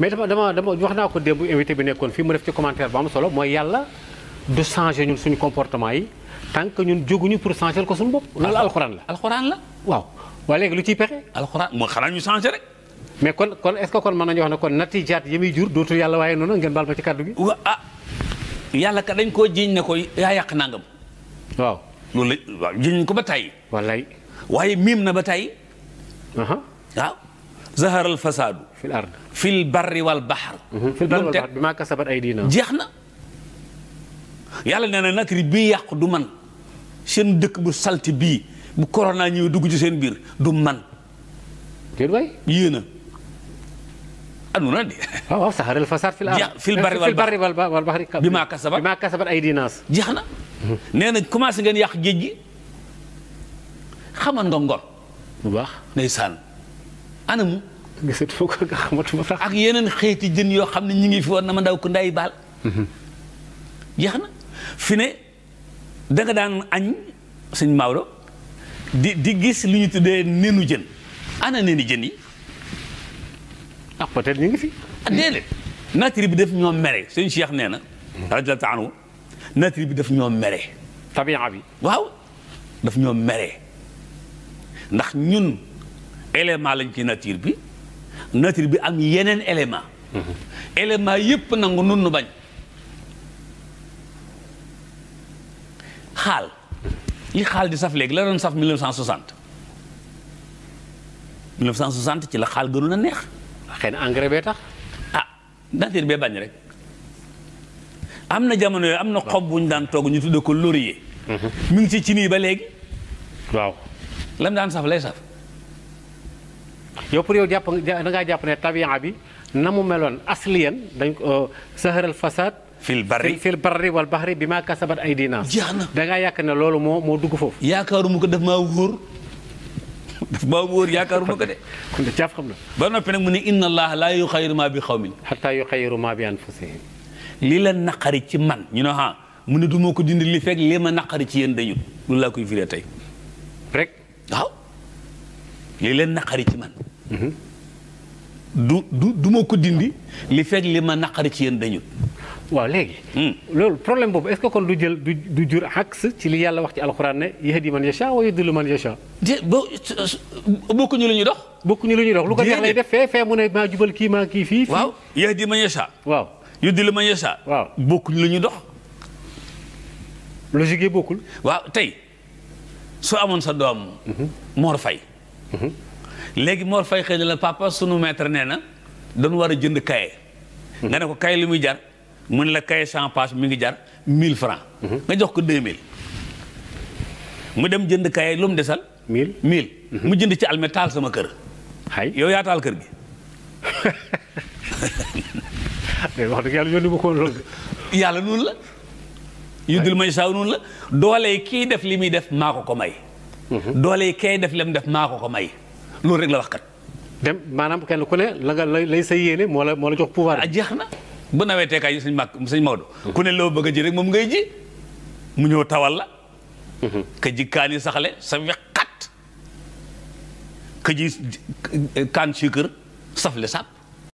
mais dama dama dama wax naa ko démb invité bi nekkoon fii mu def ci commentaire bu am solo mooy yàlla du changer ñun suñu comportement yi tant que ñun jóguñu pour changer ko suñu bopp. loolu ah. alxuraan la alxuraan la. waaw waaye léegi lu ciy pexe. alxuraan moo xanaa ñu changer rek. mais kon kon est-ce kon mën nañu wax ne kon natiijaat yi muy jur dootul yàlla waaye noonu ngeen baal ma ci kàddu gi. wa ah yàlla kat dañ koo jiiñ ne ko yaa yàq nangam. waaw loolu la waaw jiiñ ko ba tey. wallaay waaye miim na ba tey. zahara al fasaadu. fil ard fil barri wal bahr. Mhm. jeex na. yàlla nee na nag bii yàqu du man seen dëkk bu salti bii bu corona ñëwee dugg ci seen biir du man. déedéet waay yéen a. anu na de. waaw waaw zahara al fasaad fil ard eh, bi maa kasabat bi maa kasabat aydina jeex na. Mhm. nee na commencé ngeen yàq géej gi xaman nga ngor. anamu. gisatu ko xamatuma sax. ak yeneen xeeti jën yoo xam ne ñu ngi fi woon na ma ndaw ko nday baal. jeex na fi ne da nga daan añ sëñ Maodo di di gis lu ñu tuddee nenu jën ana neni jën yi. ah peut-être ñu ngi fi. ah déedéet nature bi daf ñoo mere sëñ Cheikh nee na. radiyallahu ta'ala anhu nature bi daf ñoo mere. tabiya bi waaw daf ñoo mere ndax ñun. élément lañ ci nature bi nature bi am yeneen élément élément yépp nangu nun nu bañ xaal li xaal di saf léegi la doon saf 1960 1960 ci la xaal gënu na neex. xëy na engrais bee tax. a ah, nature bee bañ rek am na jamono yooyu am na xob bu ñu daan toog ñu tuddee ko laurier. Mhm. mi ngi ci cin ba léegi. waaw lam daan saf lay saf. yow pour yow jàpp da ngaa jàpp ne tabian bi na mu meloon asliyan dañ ko euh, saharal fasad fil barri fil barri wal bahri bi maa kasabat ay diina jeex na da ngaa ne loolu moo moo dugg foofu yaakaaruma ko daf maa wóor daf maa wóor yaakaaruma ko de kon de ba noppi mu ne inna allaha laa yuxayiru ma bi xaw xataa yuxayiru bi anfusihim lii leen naqari ci man ñu ne ah mu ne du ma ko dindi li fekk li ma naqari ci yéen dañu loolu laa koy firee tey rek waaw lii leen naqari ci man du du du ma ko dindi li fekk li ma naqari ci yéen dañu. waaw léegi. Hmm. loolu problème boobu est que kon du jël du du jur àqs ci li yàlla wax ci alxuraan ne yahdi man yasha wa yudillu man yasha. lu dox. bokkuñu lu ñuy dox lu ko neex lay def fee kii fii. waaw yahdi man yasha. waaw yudillu man yasha. waaw bokkuñu lu ñuy dox. logique yi bokkul. waaw tey soo amoon sa doom. Mhm. Mor Faye. Mhm. léegi Mor Faye xëy na la papa sunu maître nee na dañu war a jënd kaye. Mhm. nga ne ko kaye li muy jar mu la kaye cent page mi ngi jar mille francs mhm. nga jox ko 2000. mu dem jënd kaye lu mu desal. 1000 1000. Mhm. mu jënd ci almet taal sama kër. xay yow yaa taal kër gi. mais wax dëgg yàlla yónni ma ko woon yàlla noonu la. yuddil may saw noonu la doole kii def li muy def maa ko ko may. doole kay def li mu def maa ko ko may. loolu rek la wax kat. dem maanaam kenn ku ne la nga lay sa yéene moo la moo la jox pouvoir. ah jeex na bu nawetee kaay sëñ Mag sëñ Maodo. ku ne loo bëgg a ji rek moom ngay ji mu ñëw tawal la. Mhm. ka ji kaan yi saxle sa wexxat ka ji kaan suukar safle sàpp